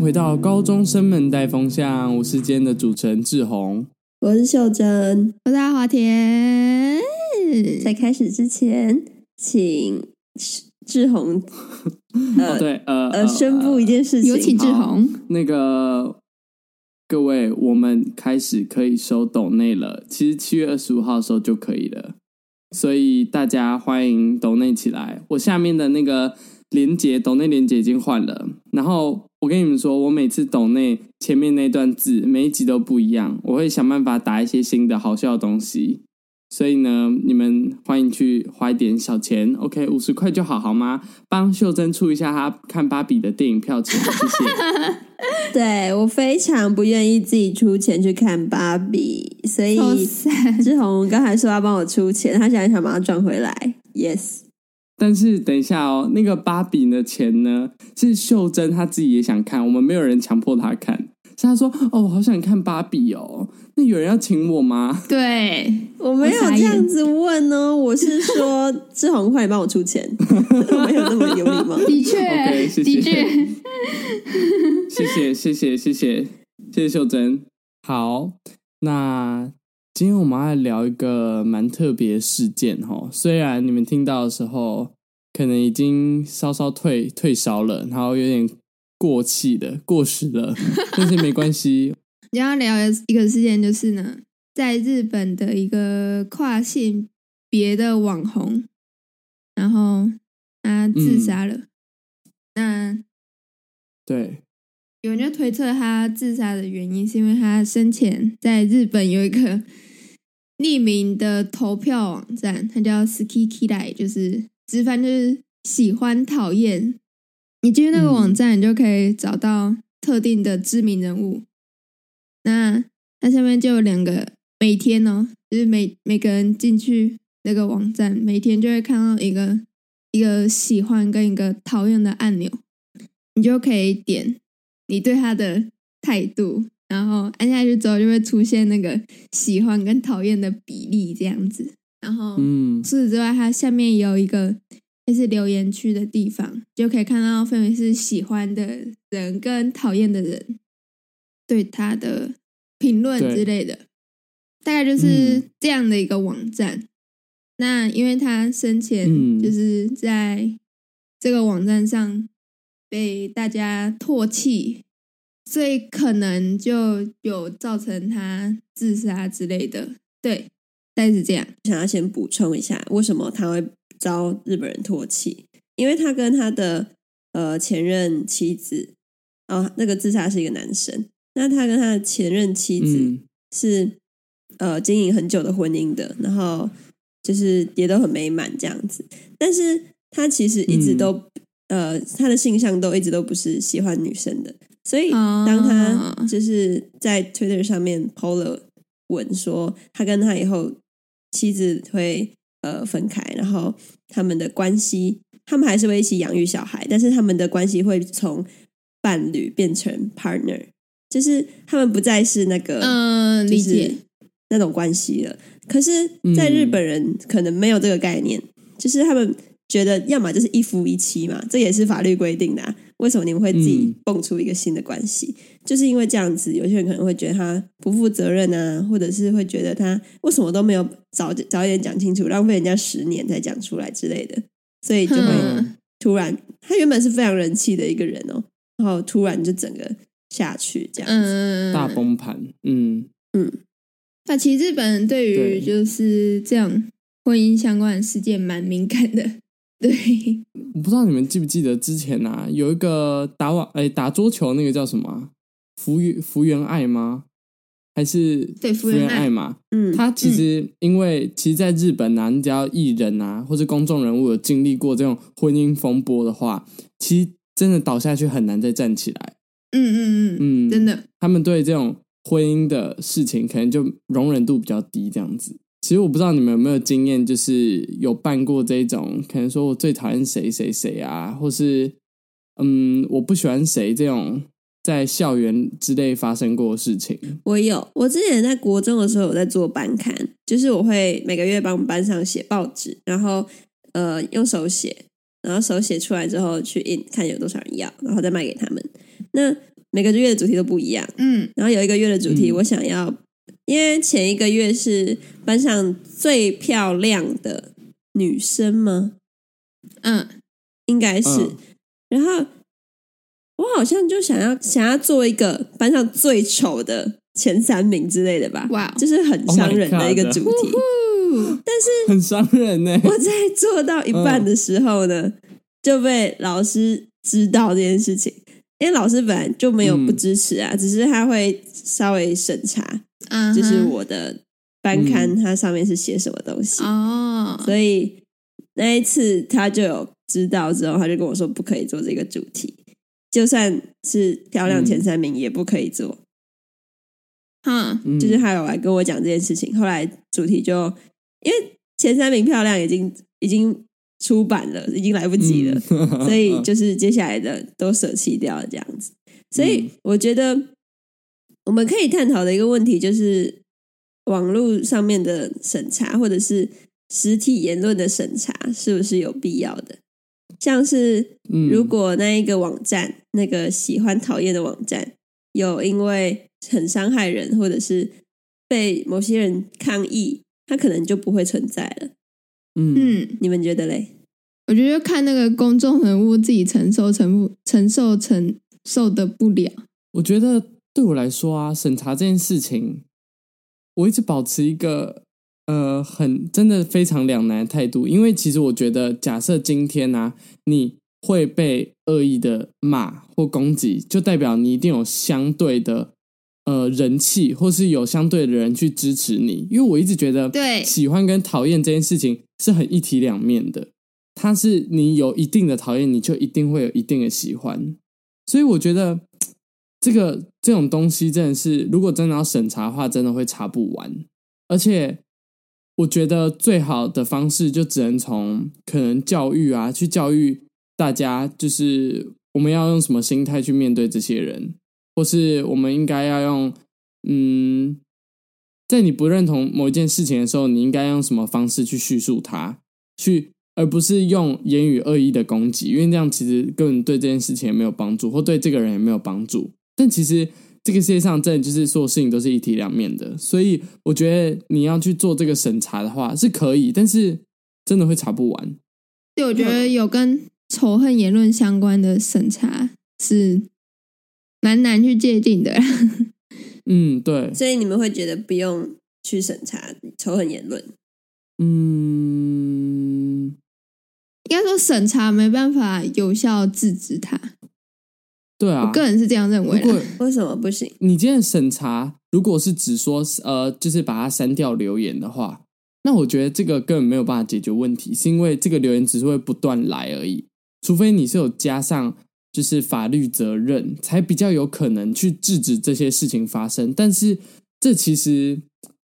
回到高中生們帶風向，我是今天的主持人志宏，我是秀珍，我是阿華田。在開始之前，請志宏，呃、 哦，對，呃，呃，宣、呃、布、呃呃、一件事情，有請志宏。那個各位，我們開始可以收抖內了，其實七月二十五號收就可以了，所以大家歡迎抖內起來。我下面的那個。連接，抖內連接已經換了。然後我跟你們說，我每次抖內前面那段字每一集都不一樣，我會想辦法打一些新的好笑的東西。所以呢，你們歡迎去花一點小錢，OK，五十塊就好，好嗎？幫秀珍出一下她看芭比的電影票錢，謝謝。 對我非常不願意自己出錢去看芭比，所以，oh, 志宏剛才說要幫我出錢，他現在想把它賺回來。Yes。但是等一下哦，那個芭比的錢呢？是秀珍她自己也想看，我們沒有人強迫她看。是她說：“哦，我好想看芭比哦。”那有人要請我嗎？對，我沒有這樣子問呢、哦。我是說志宏， 快點幫我出錢， 我沒有那麼有禮貌。 的確、okay,，的確 ，謝謝謝謝謝謝謝謝秀珍。好，那。今天我們要來聊一個蠻特別的事件哦，雖然你們聽到的時候可能已經稍稍退退燒了，然後有點過氣的、過時了， 但是沒關係。你要聊的一個事件，就是呢，在日本的一個跨性別的網紅，然後他自殺了。嗯、那對。有人就推測他自殺的原因是因為他生前在日本有一個匿名的投票網站，它叫 “ski ki i，就是直翻就是喜歡討厭。你進入那個網站，嗯，你就可以找到特定的知名人物。那它下面就有兩個每天哦，就是每每個人進去那個網站，每天就會看到一個一個喜歡跟一個討厭的按鈕，你就可以點。你對他的態度，然後按下去之後就會出現那個喜歡跟討厭的比例這樣子。然後，嗯，除此之外，它下面有一個也是留言區的地方，就可以看到分別是喜歡的人跟討厭的人對他的評論之類的。大概就是這樣的一個網站。嗯。那因為他生前就是在這個網站上，被大家唾棄，所以可能就有造成他自殺之類的。對，大概是這樣。想要先補充一下，為什麼他會遭日本人唾棄？因為他跟他的呃前任妻子啊、呃，那個自殺是一個男生。那他跟他的前任妻子是、嗯、呃經營很久的婚姻的，然後就是也都很美滿這樣子。但是他其實一直都、嗯。呃，他的性向都一直都不是喜歡女生的，所以當他就是在 Twitter 上面 Po 了文說，他跟他以後妻子會呃分開，然後他們的關係，他們還是會一起養育小孩，但是他們的關係會從伴侶變成 partner，就是他們不再是那個嗯，理、呃、解、就是、那種關係了。可是，在日本人可能沒有這個概念，嗯、就是他們。覺得要麼就是一夫一妻嘛，這也是法律規定的、啊。為什麼你們會自己蹦出一個新的關係、嗯？就是因為這樣子，有些人可能會覺得他不負責任啊，或者是會覺得他為什麼都沒有早早一點講清楚，浪費人家十年才講出來之類的，所以就會突然、嗯、他原本是非常人氣的一個人哦，然後突然就整個下去這樣子，嗯、大崩盤。嗯嗯，那、啊、其實日本人對於就是這樣婚姻相關的事件蠻敏感的。對，我不知道你們記不記得之前啊，有一個打網誒打桌球，那個叫什麼福原、福原愛嗎？還是福原愛嘛？嗯，他其實、嗯、因為其實在日本吶、啊，人家藝人吶、啊、或是公眾人物有經歷過這種婚姻風波的話，其實真的倒下去很難再站起來。嗯嗯嗯嗯，真的，他們對這種婚姻的事情可能就容忍度比較低，這樣子。其實我不知道你們有沒有經驗，就是有辦過這種，可能說我最討厭誰誰誰啊，或是嗯，我不喜歡誰這種，在校園之內發生過的事情。我有，我之前在國中的時候有在做班刊，就是我會每個月幫班上寫報紙，然後呃，用手寫，然後手寫出來之後去印，看有多少人要，然後再賣給他們。那每個月的主題都不一樣，嗯，然後有一個月的主題我想要。因為前一個月是班上最漂亮的女生嗎？嗯，應該是。嗯、然後我好像就想要想要做一個班上最醜的前三名之類的吧。哇、wow，就是很傷人的一個主題，oh、呼呼，但是很傷人呢。我在做到一半的時候呢、欸嗯，就被老師知道這件事情。因為老師本來就沒有不支持啊，嗯、只是他會稍微審查。Uh -huh. 就是我的班刊，它上面是寫什麼東西哦。Mm. Oh. 所以那一次他就有知道之後，他就跟我說不可以做這個主題，就算是漂亮前三名也不可以做。哈、Mm. Huh.，就是他有來跟我講這件事情。後來主題就因為前三名漂亮已經已經出版了，已經來不及了，Mm. 所以就是接下來的都舍棄掉了這樣子。所以我覺得。我們可以探討的一個問題就是，網絡上面的審查或者是實體言論的審查是不是有必要的？像是，如果那一個網站、嗯，那個喜歡討厭的網站，有因為很傷害人，或者是被某些人抗議，它可能就不會存在了。嗯，你們覺得嘞？我覺得看那個公眾人物自己承受，承不承受，承受的不了。我覺得。對我來說啊，審查這件事情，我一直保持一個呃很真的非常兩難的態度，因為其實我覺得，假設今天啊你會被惡意的罵或攻擊，就代表你一定有相對的呃人氣，或是有相對的人去支持你。因為我一直覺得，對喜歡跟討厭這件事情是很一體兩面的，它是你有一定的討厭，你就一定會有一定的喜歡，所以我覺得。這個這種東西真的是，如果真的要審查的話，真的會查不完。而且，我覺得最好的方式就只能從可能教育啊，去教育大家，就是我們要用什麼心態去面對這些人，或是我們應該要用嗯，在你不認同某一件事情的時候，你應該用什麼方式去敘述它，去而不是用言語惡意的攻擊，因為這樣其實根本對這件事情也沒有幫助，或對這個人也沒有幫助。但其實這個世界上真的就是所有事情都是一體兩面的，所以我覺得你要去做這個審查的話是可以，但是真的會查不完。對，我覺得有跟仇恨言論相關的審查是蠻難去界定的。嗯，對。所以你們會覺得不用去審查仇恨言論？嗯，應該說審查沒辦法有效制止它。對啊，我個人是這樣認為。為什麼不行？你今天的審查，如果是只說呃，就是把它刪掉留言的話，那我覺得這個根本沒有辦法解決問題，是因為這個留言只是會不斷來而已。除非你是有加上就是法律責任，才比較有可能去制止這些事情發生。但是這其實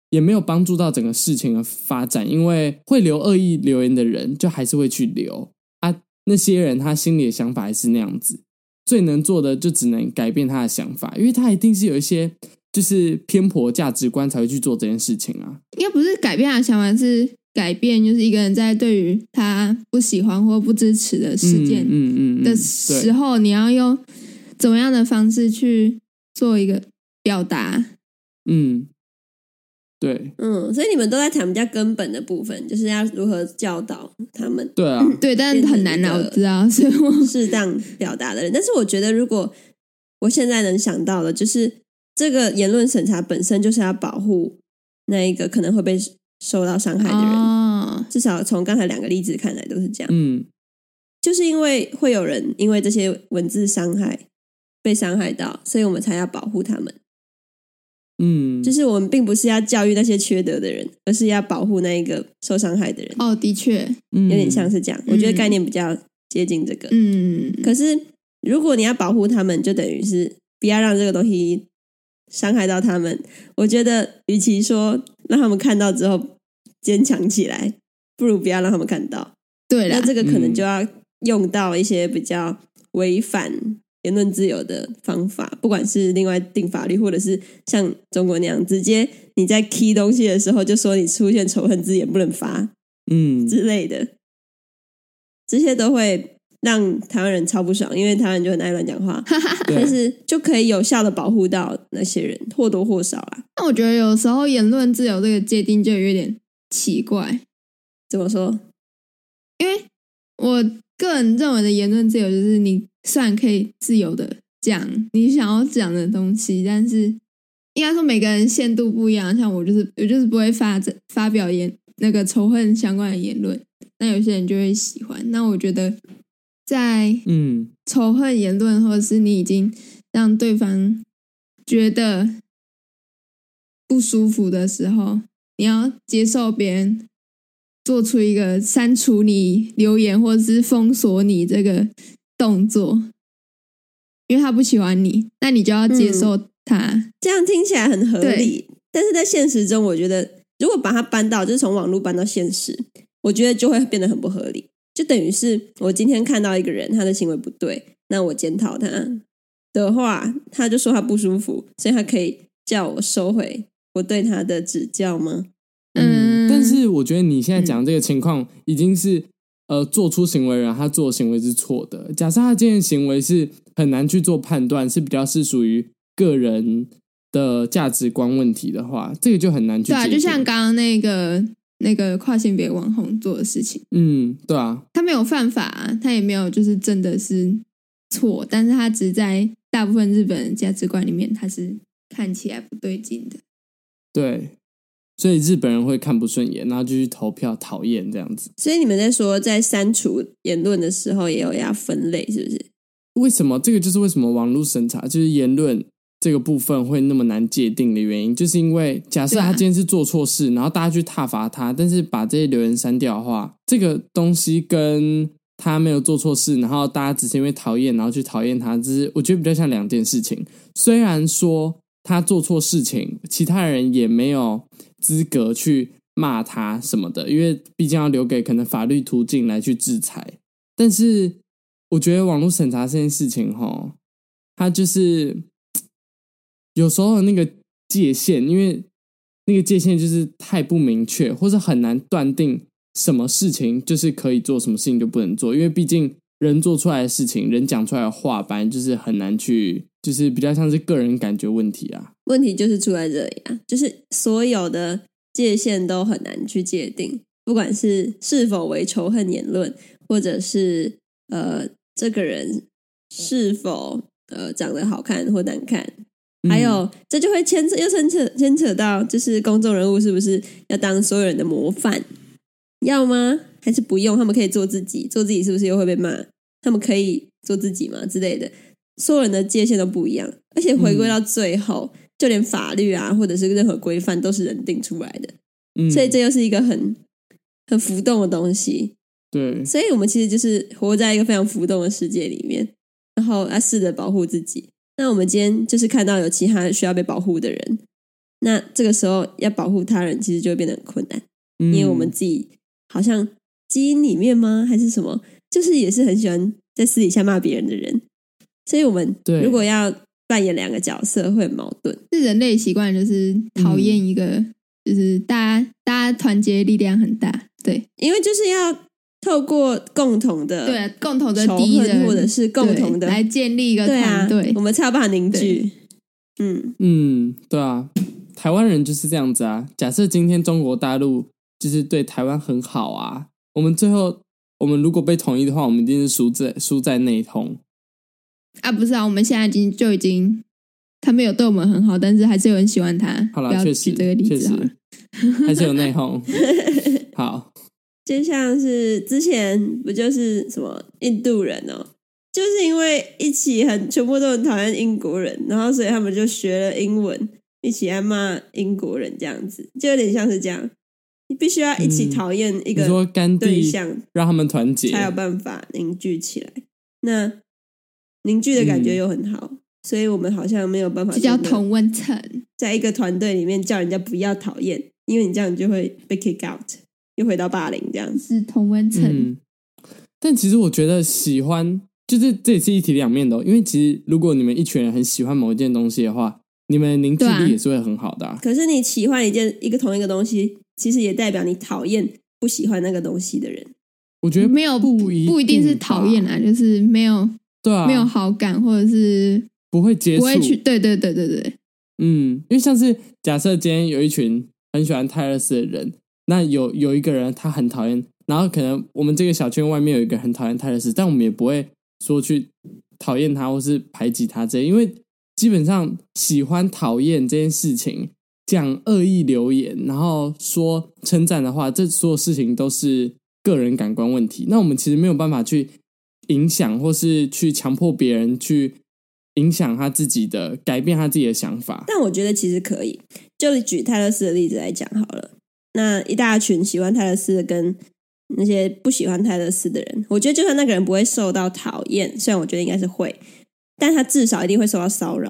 也沒有幫助到整個事情的發展，因為會留惡意留言的人，就還是會去留啊。那些人他心裡的想法還是那樣子。最能做的就只能改變他的想法，因為他一定是有一些就是偏頗價值觀才會去做這件事情啊。也不是改變他的想法，是改變，就是一個人在對於他不喜歡或不支持的事件嗯，嗯嗯，嗯的時候，你要用怎麼樣的方式去做一個表達，嗯。對，嗯，所以你們都在談比較根本的部分，就是要如何教導他們。對啊，嗯、對，但是很難了，我知道，所以適當表達的人。但是我覺得，如果我現在能想到的，就是這個言論審查本身就是要保護那一個可能會被受到傷害的人，哦。至少從剛才兩個例子看來都是這樣。嗯，就是因為會有人因為這些文字傷害被傷害到，所以我們才要保護他們。嗯，就是我們並不是要教育那些缺德的人，而是要保護那一個受傷害的人。哦，的確，有點像是這樣。嗯，我覺得概念比較接近這個。嗯，可是如果你要保護他們，就等於是不要讓這個東西傷害到他們。我覺得，與其說讓他們看到之後堅強起來，不如不要讓他們看到。對了，那這個可能就要用到一些比較違反。言論自由的方法，不管是另外定法律，或者是像中國那樣直接，你在 key 東西的時候就說你出現仇恨字眼不能發，嗯之類的，這些都會讓台灣人超不爽，因為台灣人就很愛亂講話，但 是就可以有效的保護到那些人，或多或少啦。那我覺得有時候言論自由這個界定就有點奇怪，怎麼說？因為我個人認為的言論自由就是你。算可以自由的講你想要講的東西，但是應該說每個人限度不一樣。像我就是我就是不會發發表言那個仇恨相關的言論，那有些人就會喜歡。那我覺得在嗯仇恨言論、嗯、或者是你已經讓對方覺得不舒服的時候，你要接受別人做出一個刪除你留言或者是封鎖你這個動作，因為他不喜歡你，那你就要接受他。嗯，這樣聽起來很合理，但是在現實中，我覺得如果把它搬到就是從網絡搬到現實，我覺得就會變得很不合理。就等於是我今天看到一個人，他的行為不對，那我檢討他的話，他就說他不舒服，所以他可以叫我收回我對他的指教嗎？嗯，嗯。但是我覺得你現在講這個情況已經是。呃，做出行為人他做的行為是錯的。假設他這件行為是很難去做判斷，是比較是屬於個人的價值觀問題的話，這個就很難去。對啊，就像剛剛那個那個跨性別網紅做的事情，嗯，對啊，他沒有犯法，他也沒有就是真的是錯，但是他只在大部分日本人價值觀裡面，他是看起來不對勁的。對。所以日本人會看不順眼，然後就去投票討厭這樣子。所以你們在說在刪除言論的時候，也有要分類，是不是？為什麼？這個就是為什麼網絡審查就是言論這個部分會那麼難界定的原因，就是因為假設他今天是做錯事，對啊，然後大家去撻伐他，但是把這些留言刪掉的話，這個東西跟他沒有做錯事，然後大家只是因為討厭，然後去討厭他，這是我覺得比較像兩件事情。雖然說他做錯事情，其他人也沒有資格去罵他什麼的，因為畢竟要留給可能法律途徑來去制裁。但是，我覺得網絡審查這件事情，齁，它就是有時候的那個界限，因為那個界限就是太不明確，或是很難斷定什麼事情就是可以做，什麼事情就不能做。因為畢竟人做出來的事情，人講出來的話，反正就是很難去。就是比較像是個人感覺問題啊，問題就是出在這裡啊，就是所有的界限都很難去界定，不管是是否為仇恨言論，或者是呃，這個人是否呃長得好看或難看，嗯、還有這就會牽扯又牽扯牽扯到，就是公眾人物是不是要當所有人的模範？要嗎？還是不用？他們可以做自己，做自己是不是又會被罵？他們可以做自己嗎？之類的。所有人的界限都不一樣，而且回歸到最後，嗯，就連法律啊，或者是任何規範，都是人定出來的。嗯，所以這又是一個很很浮動的東西。對，所以我們其實就是活在一個非常浮動的世界裡面，然後來試着保護自己。那我們今天就是看到有其他需要被保護的人，那這個時候要保護他人，其實就會變得很困難，嗯，因為我們自己好像基因裡面嗎，還是什麼，就是也是很喜歡在私底下罵別人的人。所以我們如果要扮演兩個角色，會很矛盾。是人類習慣，就是討厭一個，嗯、就是大家大家團結力量很大。對，因為就是要透過共同的，對共同的敵人，或者是共同的，共同的來建立一個團隊，啊。我們才把它凝聚。嗯嗯，對啊，台灣人就是這樣子啊。假設今天中國大陸就是對台灣很好啊，我們最後我們如果被統一的話，我們一定是輸在輸在內通。啊，不是啊，我們現在已經就已經，他沒有對我們很好，但是還是有人喜歡他。好了，確實，不要舉這個例子了，確實還是有內訌。 好，就像是之前不就是什麼印度人哦，就是因為一起很全部都很討厭英國人，然後所以他們就學了英文，一起愛罵英國人，這樣子就有點像是這樣。你必須要一起討厭一個對象，嗯、讓他們團結，才有辦法凝聚起來。那。凝聚的感覺又很好，嗯，所以我們好像沒有辦法。叫同溫層，在一個團隊裡面叫人家不要討厭，因為你這樣你就會被 kick out，又回到霸凌這樣。是同溫層，嗯。但其實我覺得喜歡，就是這也是一體兩面的哦。因為其實如果你們一群人很喜歡某一件東西的話，你們凝聚力也是會很好的啊啊。可是你喜歡一件一個同一個東西，其實也代表你討厭不喜歡那個東西的人。我覺得沒有不一不一定是討厭啦，啊，就是沒有。對啊，沒有好感或者是不會接受，不會去，對對對對對，嗯，因為像是假設今天有一群很喜歡泰勒斯的人，那有有一個人他很討厭，然後可能我們這個小圈外面有一個很討厭泰勒斯，但我們也不會說去討厭他或是排擠他這些，因為基本上喜歡、討厭這件事情，講惡意留言，然後說稱讚的話，這所有事情都是個人感官問題，那我們其實沒有辦法去。影響或是去強迫別人去影響他自己的改變他自己的想法，但我覺得其實可以，就舉泰勒斯的例子來講好了。那一大群喜歡泰勒斯的跟那些不喜歡泰勒斯的人，我覺得就算那個人不會受到討厭，雖然我覺得應該是會，但他至少一定會受到騷擾，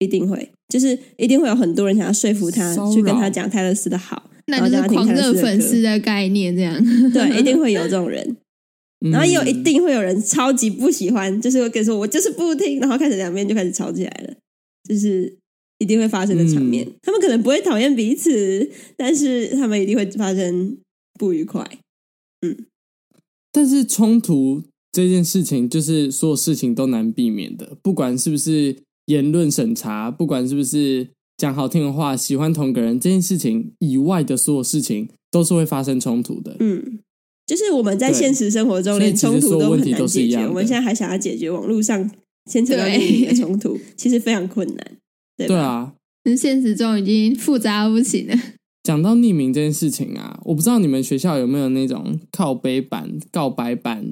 一定會，就是一定會有很多人想要說服他去跟他講泰勒斯的好，那就是狂熱粉絲的，的，的概念，這樣 對，一定會有這種人。然後又一定會有人超級不喜歡，就是會跟說：“我就是不聽。”然後開始兩邊就開始吵起來了，就是一定會發生的場面。嗯。他們可能不會討厭彼此，但是他們一定會發生不愉快。嗯，但是衝突這件事情，就是所有事情都難避免的，不管是不是言論審查，不管是不是講好聽的話，喜歡同個人這件事情以外的所有事情，都是會發生衝突的。嗯。就是我們在現實生活中連衝突都很難解決，我們現在還想要解決網絡上牽扯到匿名的衝突， 其實非常困難。對吧？對啊，跟現實中已經複雜不起了。講到匿名這件事情啊，我不知道你們學校有沒有那種靠背版、告白版、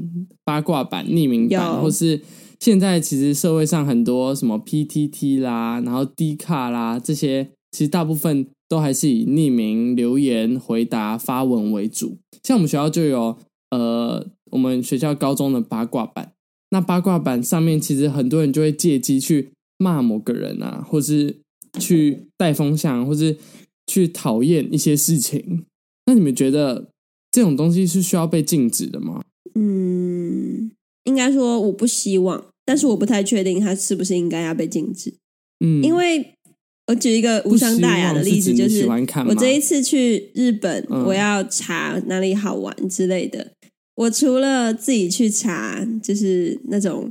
八卦版、匿名版，有，或是現在其實社會上很多什麼 PTT 啦、然後 D 卡啦這些，其實大部分。都還是以匿名留言、回答、發文為主。像我們學校就有，呃，我們學校高中的八卦版、那八卦版上面，其實很多人就會借機去罵某個人啊，或是去帶風向，Okay. 或是去討厭一些事情。那你們覺得這種東西是需要被禁止的嗎？嗯，應該說我不希望，但是我不太確定它是不是應該要被禁止。嗯，因為我舉一個無傷大雅的例子，就是我這一次去日本，我要查哪裡好玩之類的。我除了自己去查，就是那種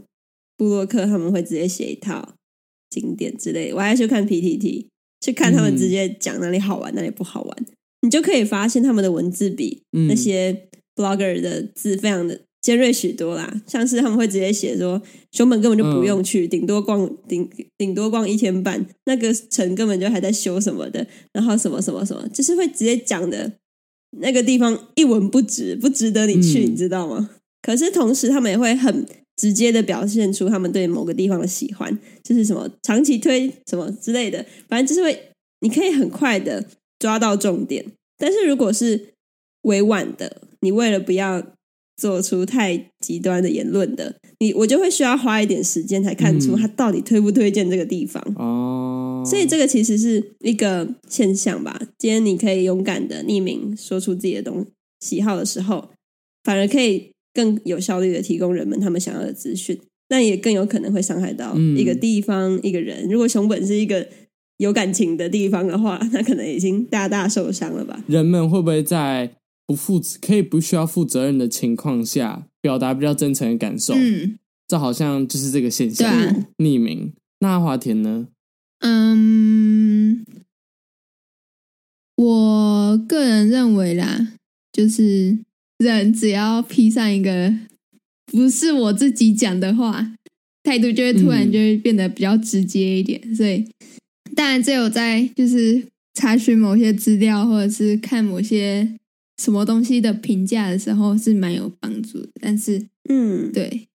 部落客，他們會直接寫一套景點之類，我還要去看 PTT，去看他們直接講哪裡好玩，哪裡不好玩，你就可以發現他們的文字比那些 Blogger 的字非常的。尖銳許多啦，像是他們會直接寫說，熊本根本就不用去，嗯、頂多逛頂頂多逛一天半，那個城根本就還在修什麼的，然後什麼什麼什麼，就是會直接講的，那個地方一文不值，不值得你去，嗯、你知道嗎？可是同時他們也會很直接的表現出他們對某個地方的喜歡，就是什麼長期推什麼之類的，反正就是會，你可以很快的抓到重點。但是如果是委婉的，你為了不要。做出太極端的言論的你，我就會需要花一點時間才看出他到底推不推薦這個地方哦、嗯。所以這個其實是一個現象吧。今天你可以勇敢的匿名說出自己的東喜好的時候，反而可以更有效率的提供人們他們想要的資訊。但也更有可能會傷害到一個地方、嗯、一個人。如果熊本是一個有感情的地方的話，那可能已經大大受傷了吧。人們會不會在？不負可以不需要負責任的情況下，表達比較真誠的感受，嗯，這好像就是這個現象。匿名，那華田呢？嗯，我個人認為啦，就是人只要披上一個不是我自己講的話，態度就會突然就會變得比較直接一點。嗯。所以，當然只有在就是查詢某些資料，或者是看某些。什麼東西的評價的時候是蠻有幫助的，但是，嗯，對，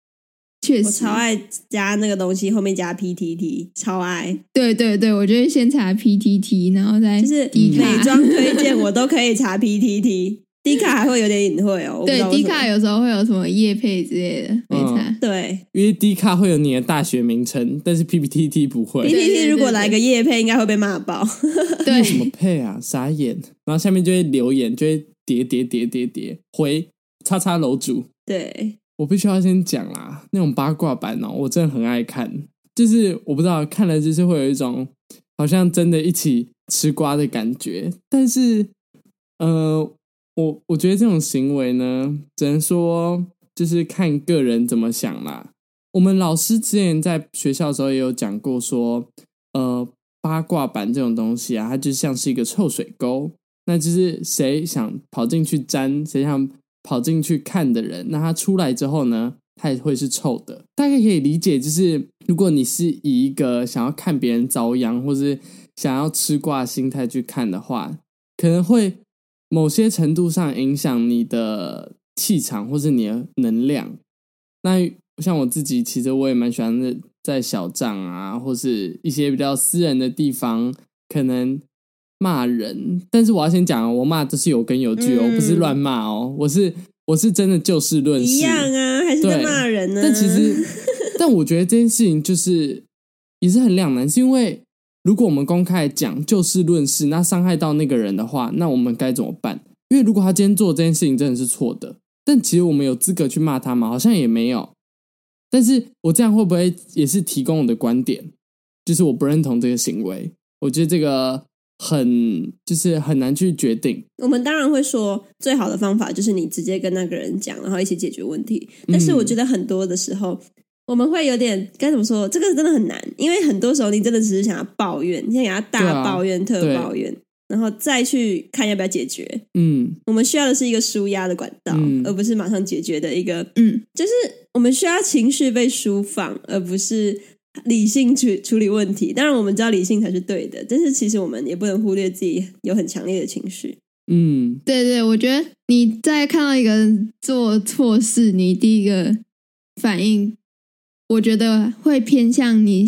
確實，我超愛加那個東西後面加 PTT，超愛，對對對，我覺得先查 PTT，然後再就是美妝推薦，我都可以查 PTT，D 卡還會有點隱晦哦，對，D 卡有時候會有什麼業配之類的沒、嗯對，對，因為 D 卡會有你的大學名稱，但是 P P T T 不會，PTT 如果來個業配，應該會被罵爆， 對，對，為什麼配啊，傻眼，然後下面就會留言，就會。疊疊疊疊疊回，叉叉樓主，對，我必須要先講啦、啊，那種八卦版哦，我真的很愛看，就是我不知道看了就是會有一種好像真的一起吃瓜的感覺，但是呃，我我覺得這種行為呢，只能說就是看個人怎麼想啦。我們老師之前在學校的時候也有講過說，說呃八卦版這種東西啊，它就像是一個臭水溝。那就是誰想跑進去沾，誰想跑進去看的人，那他出來之後呢，他也會是臭的。大概可以理解，就是如果你是以一個想要看別人遭殃，或是想要吃瓜的心態去看的話，可能會某些程度上影響你的氣場或是你的能量。那像我自己，其實我也蠻喜歡在小帳，啊，或是一些比較私人的地方，可能。罵人，但是我要先講，我罵的是有根有據，哦、嗯，不是亂罵哦，我是我是真的就事論事。一樣啊，還是在罵人呢、啊？但其實， 但我覺得這件事情就是也是很兩難，是因為如果我們公開講就事論事，那傷害到那個人的話，那我們該怎麼辦？因為如果他今天做這件事情真的是錯的，但其實我們有資格去罵他嗎？好像也沒有。但是我這樣會不會也是提供我的觀點？就是我不認同這個行為，我覺得這個。很就是很難去決定，我們當然會說最好的方法就是你直接跟那個人講，然後一起解決問題。但是我覺得很多的時候，嗯、我們會有點該怎麼說？這個真的很難，因為很多時候你真的只是想要抱怨，你先給他大抱怨、啊、特抱怨，然後再去看要不要解決。嗯，我們需要的是一個舒壓的管道、嗯，而不是馬上解決的一個。嗯，就是我們需要情緒被舒放，而不是。理性去處理問題，當然我們知道理性才是對的，但是其實我們也不能忽略自己有很強烈的情緒。嗯，對對，我覺得你在看到一個人做錯事，你第一個反應，我覺得會偏向你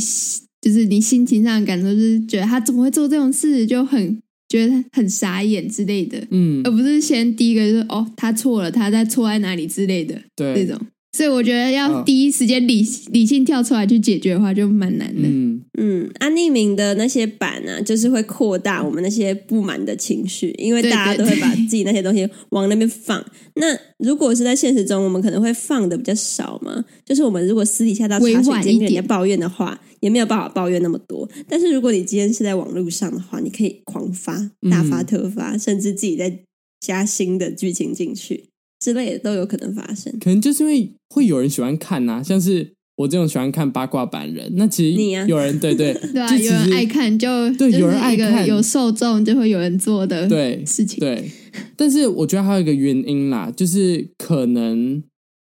就是你心情上的感受，就是覺得他怎麼會做這種事，就很覺得很傻眼之類的。嗯，而不是先第一個說、就是、哦，他錯了，他在錯在哪裡之類的。對，這種。所以我覺得要第一時間理、哦、理性跳出來去解決的話，就蠻難的。嗯嗯，啊，匿名的那些版呢、啊，就是會擴大我們那些不滿的情緒，因為大家都會把自己那些東西往那邊放。對對對 那如果是在現實中，我們可能會放的比較少嘛。就是我們如果私底下到茶水間跟人抱怨的話，也沒有辦法抱怨那麼多。但是如果你今天是在網絡上的話，你可以狂發、大發、特發、嗯，甚至自己再加新的劇情進去。之類的都有可能發生，可能就是因為會有人喜歡看吶、啊，像是我這種喜歡看八卦版人，那其實有人你、啊、對，對對， 就有人愛看就對，有人愛看就、就是、有受眾就會有人做的對事情對，對。但是我覺得還有一個原因啦，就是可能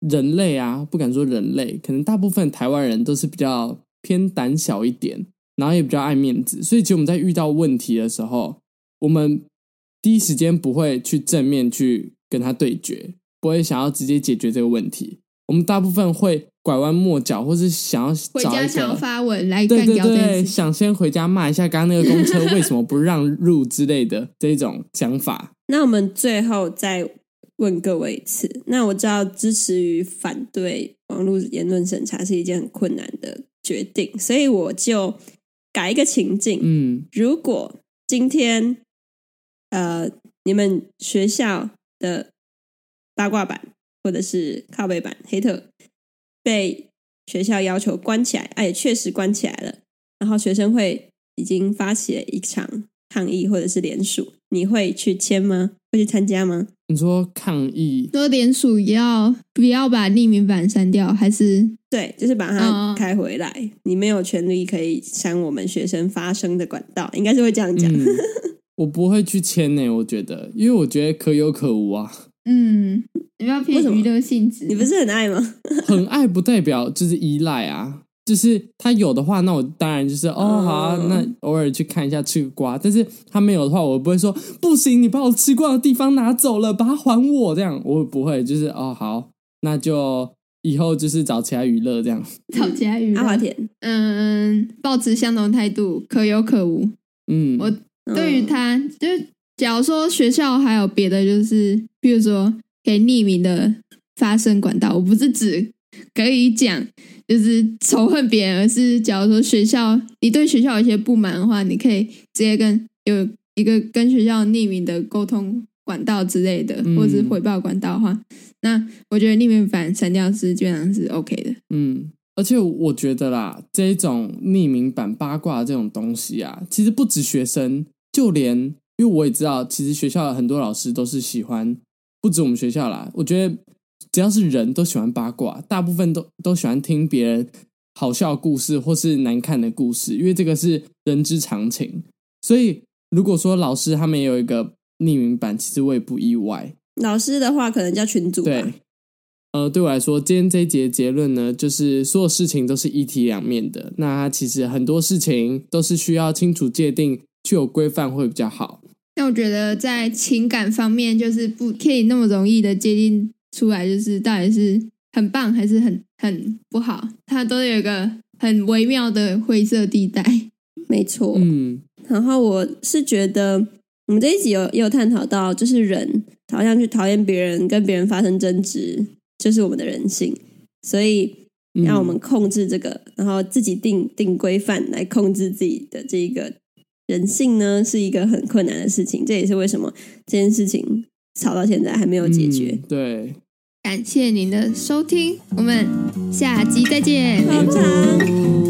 人類啊，不敢說人類，可能大部分台灣人都是比較偏膽小一點，然後也比較愛面子，所以其實我們在遇到問題的時候，我們第一時間不會去正面去。跟他對決，不會想要直接解決這個問題。我們大部分會拐彎抹角，或是想要找回家想發文，來對對對，想先回家罵一下剛剛那個公車為什麼不讓入之類的這種想法。 那我們最後再問各位一次，那我知道支持與反對網絡言論審查是一件很困難的決定，所以我就改一個情景。嗯，如果今天呃，你們學校的八卦版或者是靠北版，黑特被學校要求關起來，哎、啊，也確實關起來了。然後學生會已經發起了一場抗議，或者是聯署，你會去簽嗎？會去參加嗎？你說抗議，說聯署，要不要把匿名版刪掉？還是對，就是把它開回來。哦、你沒有權利可以刪我們學生發聲的管道，應該是會這樣講。嗯 我不會去簽誒、欸，我覺得，因為我覺得可有可無啊。嗯，你不要什偏娛樂性質，你不是很愛嗎？ 很愛不代表就是依賴啊，就是他有的話，那我當然就是哦，哦，好，啊，那偶爾去看一下吃瓜。但是他沒有的話，我不會說不行，你把我吃瓜的地方拿走了，把它還我這樣，我不會。就是哦，好，那就以後就是找其他娛樂這樣。找其他娛樂阿華田，嗯，抱持相同態度，可有可無。嗯，我。對於他，就是假如說學校還有別的，就是比如說可以匿名的發聲管道，我不是指可以講就是仇恨別人，而是假如說學校你對學校有一些不滿的話，你可以直接跟有一個跟學校匿名的溝通管道之類的、嗯，或者是回報管道的話，那我覺得匿名版刪掉是基本上是 OK 的。嗯，而且我覺得啦，這種匿名版八卦的這種東西啊，其實不止學生。就連，因為我也知道，其實學校的很多老師都是喜歡，不止我們學校啦。我覺得只要是人都喜歡八卦，大部分都都喜歡聽別人好笑的故事或是難看的故事，因為這個是人之常情。所以如果說老師他們也有一個匿名版，其實我也不意外。老師的話可能叫群主組。對，呃，對我來說，今天這一節結論，今天這一集的結論呢，就是所有事情都是一體兩面的。那其實很多事情都是需要清楚界定，具有規範會比較好。那我覺得在情感方面，就是不可以那麼容易的界定出來，就是到底是很棒，還是很很不好，它都有一個很微妙的灰色地帶。沒錯，嗯。然後我是覺得，我們這一集有有探討到，就是人好像去討厭別人，跟別人發生爭執，就是我們的人性。所以讓我們控制這個，嗯、然後自己定定規範來控制自己的這一個。人性呢是一個很困難的事情，這也是為什麼這件事情吵到現在還沒有解決。嗯。對，感謝您的收聽，我們下集再見。